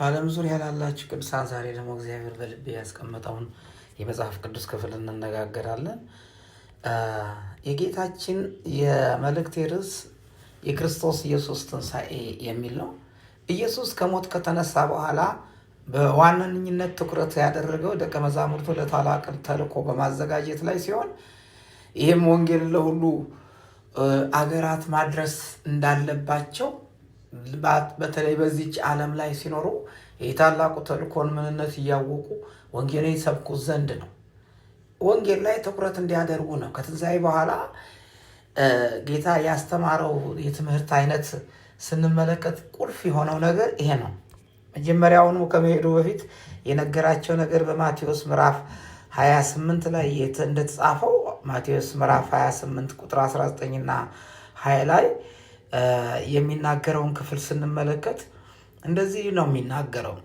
በዓለም ዙሪያ ላላችሁ ቅዱሳን ዛሬ ደግሞ እግዚአብሔር በልቤ ያስቀመጠውን የመጽሐፍ ቅዱስ ክፍል እንነጋገራለን። የጌታችን የመልእክቴ ርዕስ የክርስቶስ ኢየሱስ ትንሣኤ የሚል ነው። ኢየሱስ ከሞት ከተነሳ በኋላ በዋነኝነት ትኩረት ያደረገው ደቀ መዛሙርቱ ለታላቅ ተልእኮ በማዘጋጀት ላይ ሲሆን ይህም ወንጌል ለሁሉ አገራት ማድረስ እንዳለባቸው በተለይ በዚች ዓለም ላይ ሲኖሩ የታላቁ ተልእኮን ምንነት እያወቁ ወንጌልን ይሰብኩ ዘንድ ነው። ወንጌል ላይ ትኩረት እንዲያደርጉ ነው። ከትንሣኤ በኋላ ጌታ ያስተማረው የትምህርት አይነት ስንመለከት ቁልፍ የሆነው ነገር ይሄ ነው። መጀመሪያውኑ ከመሄዱ በፊት የነገራቸው ነገር በማቴዎስ ምዕራፍ 28 ላይ እንደተጻፈው ማቴዎስ ምዕራፍ 28 ቁጥር 19ና 20 ላይ የሚናገረውን ክፍል ስንመለከት እንደዚህ ነው የሚናገረው።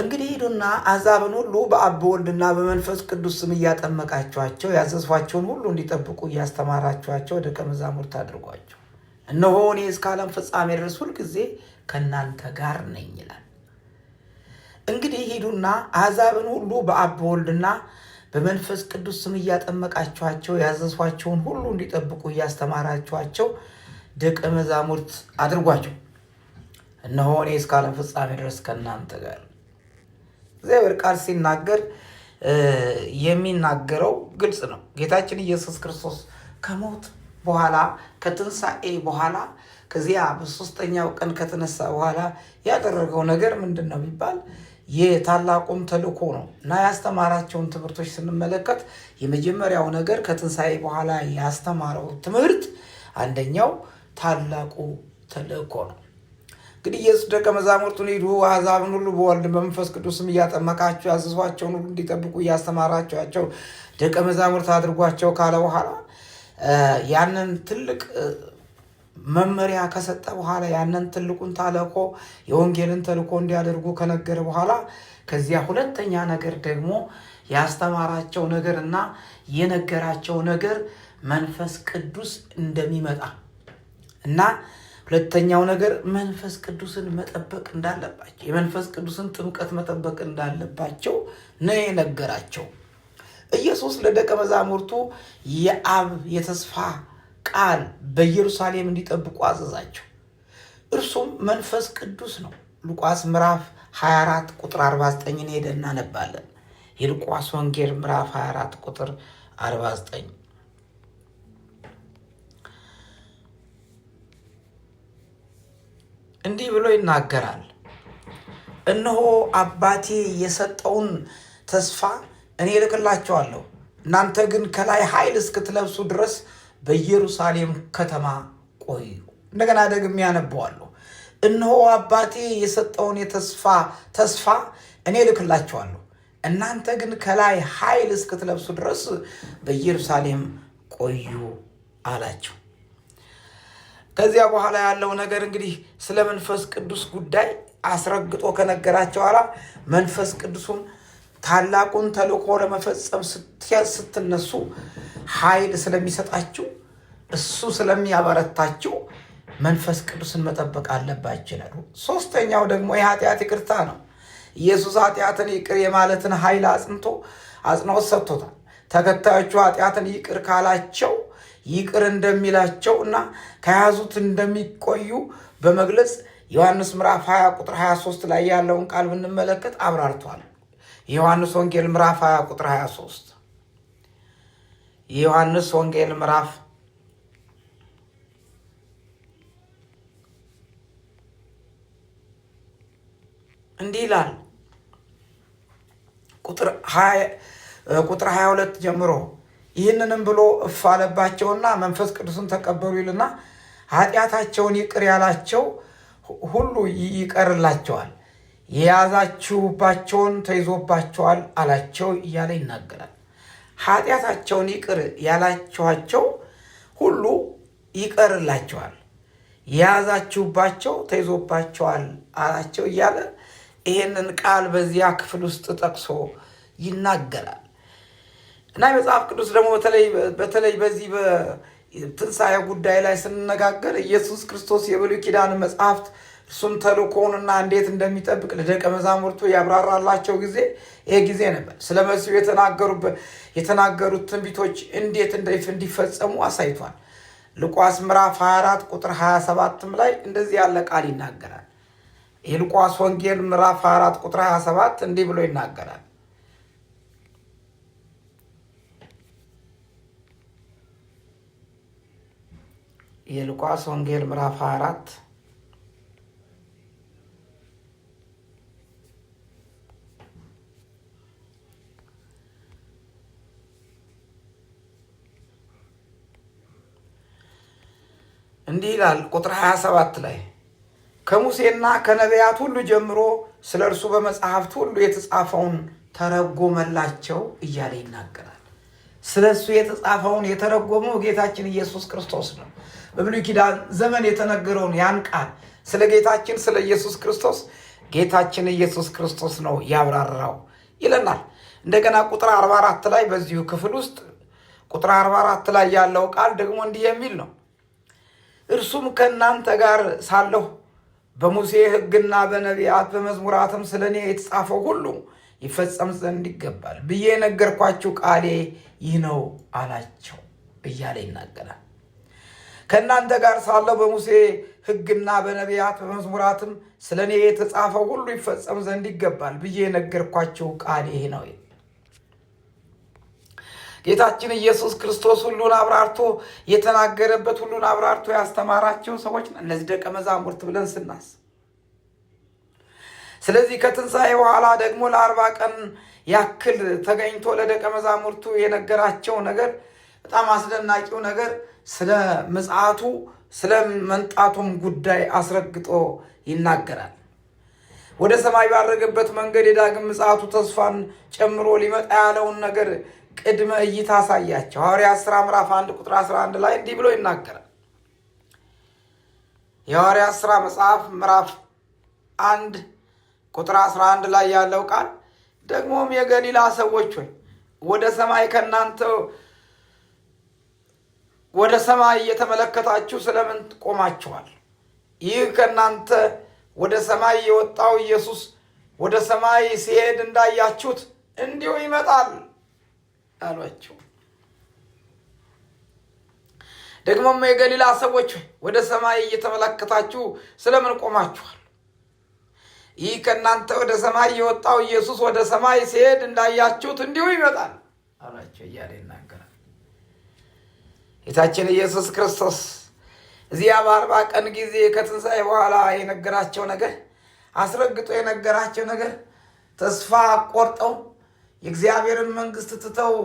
እንግዲህ ሂዱና አሕዛብን ሁሉ በአብ ወልድና በመንፈስ ቅዱስ ስም እያጠመቃችኋቸው ያዘዝኋቸውን ሁሉ እንዲጠብቁ እያስተማራችኋቸው ደቀ መዛሙርት አድርጓቸው። እነሆ እኔ እስከ ዓለም ፍጻሜ ድረስ ሁልጊዜ ከእናንተ ጋር ነኝ ይላል። እንግዲህ ሂዱና አሕዛብን ሁሉ በአብ ወልድና በመንፈስ ቅዱስ ስም እያጠመቃችኋቸው ያዘዝኋቸውን ሁሉ እንዲጠብቁ እያስተማራችኋቸው ደቀ መዛሙርት አድርጓቸው። እነሆ እኔ እስከ ዓለም ፍጻሜ ድረስ ከእናንተ ጋር። እግዚአብሔር ቃል ሲናገር የሚናገረው ግልጽ ነው። ጌታችን ኢየሱስ ክርስቶስ ከሞት በኋላ ከትንሣኤ በኋላ ከዚያ በሶስተኛው ቀን ከተነሳ በኋላ ያደረገው ነገር ምንድን ነው ቢባል ይህ ታላቁም ተልእኮ ነው እና ያስተማራቸውን ትምህርቶች ስንመለከት የመጀመሪያው ነገር ከትንሣኤ በኋላ ያስተማረው ትምህርት አንደኛው ታላቁ ተልእኮ ነው። እንግዲህ ኢየሱስ ደቀ መዛሙርቱን ሂዱ አሕዛብን ሁሉ በወልድ በመንፈስ ቅዱስም እያጠመቃቸው ያዘዟቸውን ሁሉ እንዲጠብቁ እያስተማራችኋቸው ደቀ መዛሙርት አድርጓቸው ካለ በኋላ ያንን ትልቅ መመሪያ ከሰጠ በኋላ ያንን ትልቁን ተልእኮ የወንጌልን ተልእኮ እንዲያደርጉ ከነገረ በኋላ ከዚያ ሁለተኛ ነገር ደግሞ ያስተማራቸው ነገር እና የነገራቸው ነገር መንፈስ ቅዱስ እንደሚመጣ እና ሁለተኛው ነገር መንፈስ ቅዱስን መጠበቅ እንዳለባቸው የመንፈስ ቅዱስን ጥምቀት መጠበቅ እንዳለባቸው ነው የነገራቸው። ኢየሱስ ለደቀ መዛሙርቱ የአብ የተስፋ ቃል በኢየሩሳሌም እንዲጠብቁ አዘዛቸው። እርሱም መንፈስ ቅዱስ ነው። ሉቃስ ምዕራፍ 24 ቁጥር 49 ሄደ ሄደን እናነባለን። የሉቃስ ወንጌል ምዕራፍ 24 ቁጥር 49 እንዲህ ብሎ ይናገራል። እነሆ አባቴ የሰጠውን ተስፋ እኔ እልክላቸዋለሁ። እናንተ ግን ከላይ ኃይል እስክትለብሱ ድረስ በኢየሩሳሌም ከተማ ቆዩ። እንደገና ደግሜ ያነበዋለሁ። እነሆ አባቴ የሰጠውን የተስፋ ተስፋ እኔ እልክላችኋለሁ፣ እናንተ ግን ከላይ ኃይል እስክትለብሱ ድረስ በኢየሩሳሌም ቆዩ አላቸው። ከዚያ በኋላ ያለው ነገር እንግዲህ ስለ መንፈስ ቅዱስ ጉዳይ አስረግጦ ከነገራቸው ኋላ መንፈስ ቅዱሱም ታላቁን ተልእኮ ለመፈጸም ስትነሱ ኃይል ስለሚሰጣችሁ እሱ ስለሚያበረታችሁ መንፈስ ቅዱስን መጠበቅ አለባችሁ ይላሉ። ሶስተኛው ደግሞ የኃጢአት ይቅርታ ነው። ኢየሱስ ኃጢአትን ይቅር የማለትን ኃይል አጽንቶ አጽንኦት ሰጥቶታል። ተከታዮቹ ኃጢአትን ይቅር ካላቸው ይቅር እንደሚላቸው እና ከያዙት እንደሚቆዩ በመግለጽ ዮሐንስ ምዕራፍ 20 ቁጥር 23 ላይ ያለውን ቃል ብንመለከት አብራርቷል። የዮሐንስ ወንጌል ምዕራፍ 20 ቁጥር 23 የዮሐንስ ወንጌል ምዕራፍ እንዲህ ይላል ቁጥር 22 ጀምሮ ይህንንም ብሎ እፍ መንፈስ ቅዱስን ተቀበሉ ይልና ኃጢአታቸውን ይቅር ያላቸው ሁሉ ይቀርላቸዋል የያዛችሁባቸውን ተይዞባቸዋል አላቸው እያለ ይናገራል። ኃጢአታቸውን ይቅር ያላችኋቸው ሁሉ ይቀርላቸዋል፣ የያዛችሁባቸው ተይዞባቸዋል አላቸው እያለ ይህንን ቃል በዚያ ክፍል ውስጥ ጠቅሶ ይናገራል እና የመጽሐፍ ቅዱስ ደግሞ በተለይ በዚህ በትንሣኤ ጉዳይ ላይ ስንነጋገር ኢየሱስ ክርስቶስ የብሉይ ኪዳን መጽሐፍት እሱም ተልእኮውንና እንዴት እንደሚጠብቅ ለደቀ መዛሙርቱ ያብራራላቸው ጊዜ ይሄ ጊዜ ነበር። ስለ መሲሁ የተናገሩት ትንቢቶች እንዴት እንዲፈጸሙ አሳይቷል። ሉቃስ ምዕራፍ 24 ቁጥር 27ም ላይ እንደዚህ ያለ ቃል ይናገራል። የሉቃስ ወንጌል ምዕራፍ 24 ቁጥር 27 እንዲህ ብሎ ይናገራል። የሉቃስ ወንጌል ምዕራፍ 24 እንዲህ ይላል ቁጥር 27 ላይ ከሙሴና ከነቢያት ሁሉ ጀምሮ ስለ እርሱ በመጽሐፍት ሁሉ የተጻፈውን ተረጎመላቸው እያለ ይናገራል። ስለ እሱ የተጻፈውን የተረጎመው ጌታችን ኢየሱስ ክርስቶስ ነው። በብሉይ ኪዳን ዘመን የተነገረውን ያን ቃል ስለ ጌታችን ስለ ኢየሱስ ክርስቶስ ጌታችን ኢየሱስ ክርስቶስ ነው ያብራራው ይለናል። እንደገና ቁጥር 44 ላይ በዚሁ ክፍል ውስጥ ቁጥር 44 ላይ ያለው ቃል ደግሞ እንዲህ የሚል ነው እርሱም ከእናንተ ጋር ሳለሁ በሙሴ ሕግና በነቢያት በመዝሙራትም ስለ እኔ የተጻፈው ሁሉ ይፈጸም ዘንድ ይገባል ብዬ የነገርኳችሁ ቃሌ ይህ ነው አላቸው እያለ ይናገራል። ከእናንተ ጋር ሳለሁ በሙሴ ሕግና በነቢያት በመዝሙራትም ስለ እኔ የተጻፈው ሁሉ ይፈጸም ዘንድ ይገባል ብዬ የነገርኳችሁ ቃሌ ይህ ነው ጌታችን ኢየሱስ ክርስቶስ ሁሉን አብራርቶ የተናገረበት ሁሉን አብራርቶ ያስተማራቸው ሰዎች እነዚህ ደቀ መዛሙርት ብለን ስናስ ስለዚህ ከትንሣኤ በኋላ ደግሞ ለአርባ ቀን ያክል ተገኝቶ ለደቀ መዛሙርቱ የነገራቸው ነገር በጣም አስደናቂው ነገር ስለ ምጽአቱ ስለ መንጣቱም ጉዳይ አስረግጦ ይናገራል። ወደ ሰማይ ባረገበት መንገድ የዳግም ምጽአቱ ተስፋን ጨምሮ ሊመጣ ያለውን ነገር ቅድመ እይታ አሳያቸው። ሐዋርያት ሥራ ምዕራፍ 1 ቁጥር 11 ላይ እንዲህ ብሎ ይናገራል። የሐዋርያት ሥራ መጽሐፍ ምዕራፍ 1 ቁጥር 11 ላይ ያለው ቃል ደግሞም የገሊላ ሰዎች ሆይ ወደ ሰማይ ከእናንተ ወደ ሰማይ እየተመለከታችሁ ስለምን ቆማችኋል? ይህ ከእናንተ ወደ ሰማይ የወጣው ኢየሱስ ወደ ሰማይ ሲሄድ እንዳያችሁት እንዲሁ ይመጣል አሏቸው። ደግሞም የገሊላ ሰዎች ወደ ሰማይ እየተመለከታችሁ ስለምን ቆማችኋል? ይህ ከእናንተ ወደ ሰማይ የወጣው ኢየሱስ ወደ ሰማይ ሲሄድ እንዳያችሁት እንዲሁ ይመጣል አሏቸው እያለ ይናገራል። ጌታችን ኢየሱስ ክርስቶስ እዚያ በአርባ ቀን ጊዜ ከትንሣኤ በኋላ የነገራቸው ነገር አስረግጦ የነገራቸው ነገር ተስፋ ቆርጠው የእግዚአብሔርን መንግስት ትተው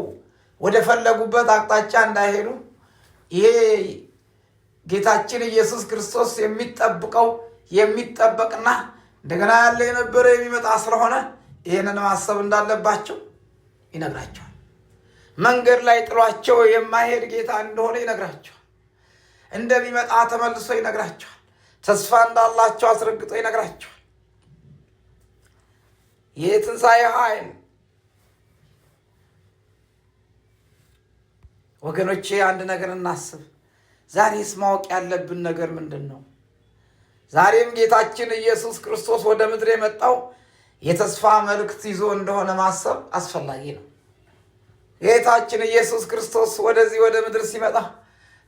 ወደ ፈለጉበት አቅጣጫ እንዳይሄዱ ይሄ ጌታችን ኢየሱስ ክርስቶስ የሚጠብቀው የሚጠበቅና እንደገና ያለ የነበረ የሚመጣ ስለሆነ ይህንን ማሰብ እንዳለባቸው ይነግራቸዋል። መንገድ ላይ ጥሏቸው የማይሄድ ጌታ እንደሆነ ይነግራቸዋል። እንደሚመጣ ተመልሶ ይነግራቸዋል። ተስፋ እንዳላቸው አስረግጦ ይነግራቸዋል። የትንሣኤ ኃይል ወገኖቼ አንድ ነገር እናስብ። ዛሬስ ማወቅ ያለብን ነገር ምንድን ነው? ዛሬም ጌታችን ኢየሱስ ክርስቶስ ወደ ምድር የመጣው የተስፋ መልእክት ይዞ እንደሆነ ማሰብ አስፈላጊ ነው። ጌታችን ኢየሱስ ክርስቶስ ወደዚህ ወደ ምድር ሲመጣ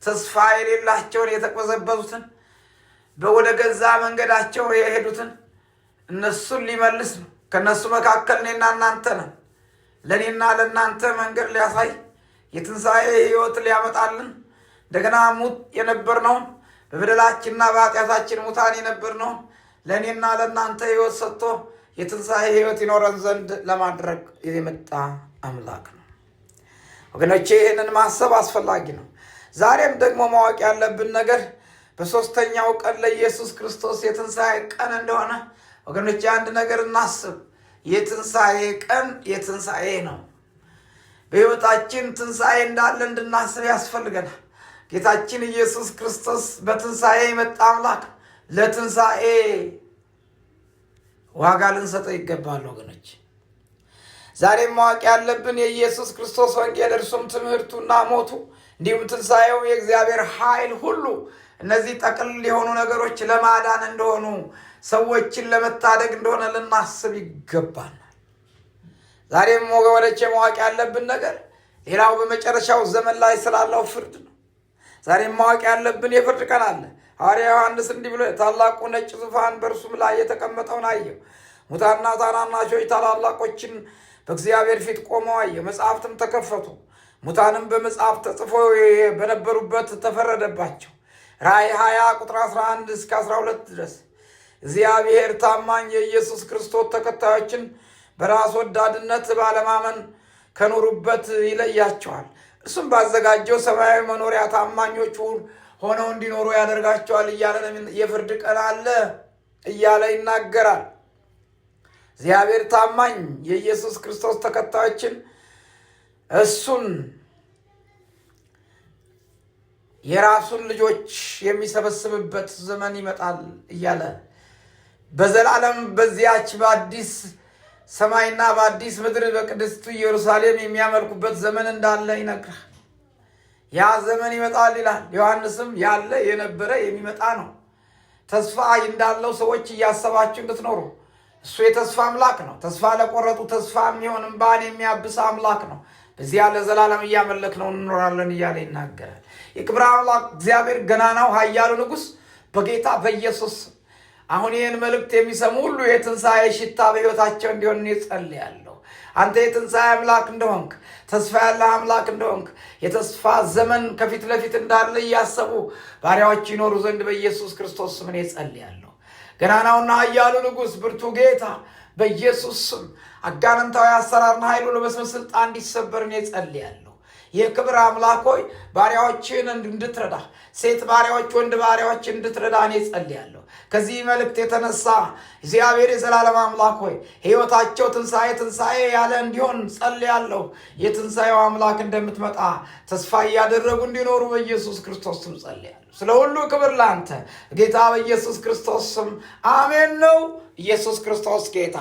ተስፋ የሌላቸውን የተቆዘበዙትን፣ ወደ ገዛ መንገዳቸው የሄዱትን እነሱን ሊመልስ ነው። ከእነሱ መካከል እኔና እናንተ ነን። ለእኔና ለእናንተ መንገድ ሊያሳይ የትንሣኤ ሕይወት ሊያመጣልን እንደገና ሙት ነው። በበደላችንና በኃጢአታችን ሙታን ነው። ለእኔና ለእናንተ ሕይወት ሰጥቶ የትንሣኤ ሕይወት ይኖረን ዘንድ ለማድረግ የመጣ አምላክ ነው። ወገኖቼ ይህንን ማሰብ አስፈላጊ ነው። ዛሬም ደግሞ ማወቅ ያለብን ነገር በሦስተኛው ቀን ለኢየሱስ ክርስቶስ የትንሣኤ ቀን እንደሆነ ወገኖቼ አንድ ነገር እናስብ። የትንሣኤ ቀን የትንሣኤ ነው። በሕይወታችን ትንሣኤ እንዳለ እንድናስብ ያስፈልገናል። ጌታችን ኢየሱስ ክርስቶስ በትንሣኤ የመጣ አምላክ ለትንሣኤ ዋጋ ልንሰጠው ይገባል ወገኖች። ዛሬም ማወቅ ያለብን የኢየሱስ ክርስቶስ ወንጌል እርሱም ትምህርቱና ሞቱ እንዲሁም ትንሣኤው የእግዚአብሔር ኃይል ሁሉ እነዚህ ጠቅልል የሆኑ ነገሮች ለማዳን እንደሆኑ፣ ሰዎችን ለመታደግ እንደሆነ ልናስብ ይገባል። ዛሬም ወገኖቼ ማወቅ ያለብን ነገር ሌላው በመጨረሻው ዘመን ላይ ስላለው ፍርድ ነው። ዛሬም ማወቅ ያለብን የፍርድ ቀን አለ። ሐዋርያ ዮሐንስ እንዲህ ብሎ ታላቁ ነጭ ዙፋን በእርሱም ላይ የተቀመጠውን አየሁ። ሙታንና ታናናሾች ታላላቆችን በእግዚአብሔር ፊት ቆመው አየሁ። መጽሐፍትም ተከፈቱ። ሙታንም በመጽሐፍ ተጽፎ በነበሩበት ተፈረደባቸው። ራእይ 20 ቁጥር 11 እስከ 12 ድረስ እግዚአብሔር ታማኝ የኢየሱስ ክርስቶስ ተከታዮችን በራስ ወዳድነት ባለማመን ከኖሩበት ይለያቸዋል። እሱም ባዘጋጀው ሰማያዊ መኖሪያ ታማኞቹ ሆነው እንዲኖሩ ያደርጋቸዋል እያለ የፍርድ ቀን አለ እያለ ይናገራል። እግዚአብሔር ታማኝ የኢየሱስ ክርስቶስ ተከታዮችን እሱን የራሱን ልጆች የሚሰበስብበት ዘመን ይመጣል እያለ በዘላለም በዚያች በአዲስ ሰማይና በአዲስ ምድር በቅድስቱ ኢየሩሳሌም የሚያመልኩበት ዘመን እንዳለ ይነግራል። ያ ዘመን ይመጣል ይላል ዮሐንስም፣ ያለ የነበረ የሚመጣ ነው። ተስፋ እንዳለው ሰዎች እያሰባችሁ እንድትኖሩ እሱ የተስፋ አምላክ ነው። ተስፋ ለቆረጡ ተስፋ የሚሆን እምባን የሚያብስ አምላክ ነው። በዚያ ለዘላለም እያመለክ ነው እንኖራለን እያለ ይናገራል። የክብር አምላክ እግዚአብሔር ገናናው ኃያሉ ንጉሥ በጌታ በኢየሱስ አሁን ይህን መልእክት የሚሰሙ ሁሉ የትንሣኤ ሽታ በሕይወታቸው እንዲሆን እጸልያለሁ። አንተ የትንሣኤ አምላክ እንደሆንክ ተስፋ ያለ አምላክ እንደሆንክ የተስፋ ዘመን ከፊት ለፊት እንዳለ እያሰቡ ባሪያዎች ይኖሩ ዘንድ በኢየሱስ ክርስቶስ ስም እኔ እጸልያለሁ። ገናናውና ኃያሉ ንጉሥ፣ ብርቱ ጌታ በኢየሱስ ስም አጋንንታዊ አሰራርና ኃይሉ በስም ስልጣን እንዲሰበር እኔ እጸልያለሁ። የክብር አምላክ ሆይ ባሪያዎችን እንድትረዳ ሴት ባሪያዎች፣ ወንድ ባሪያዎች እንድትረዳ እኔ ጸልያለሁ። ከዚህ መልእክት የተነሳ እግዚአብሔር የዘላለም አምላክ ሆይ ሕይወታቸው ትንሣኤ ትንሣኤ ያለ እንዲሆን ጸልያለሁ። የትንሣኤው አምላክ እንደምትመጣ ተስፋ እያደረጉ እንዲኖሩ በኢየሱስ ክርስቶስ ስም ጸልያለሁ። ስለ ሁሉ ክብር ላንተ ጌታ፣ በኢየሱስ ክርስቶስ ስም አሜን። ነው ኢየሱስ ክርስቶስ ጌታ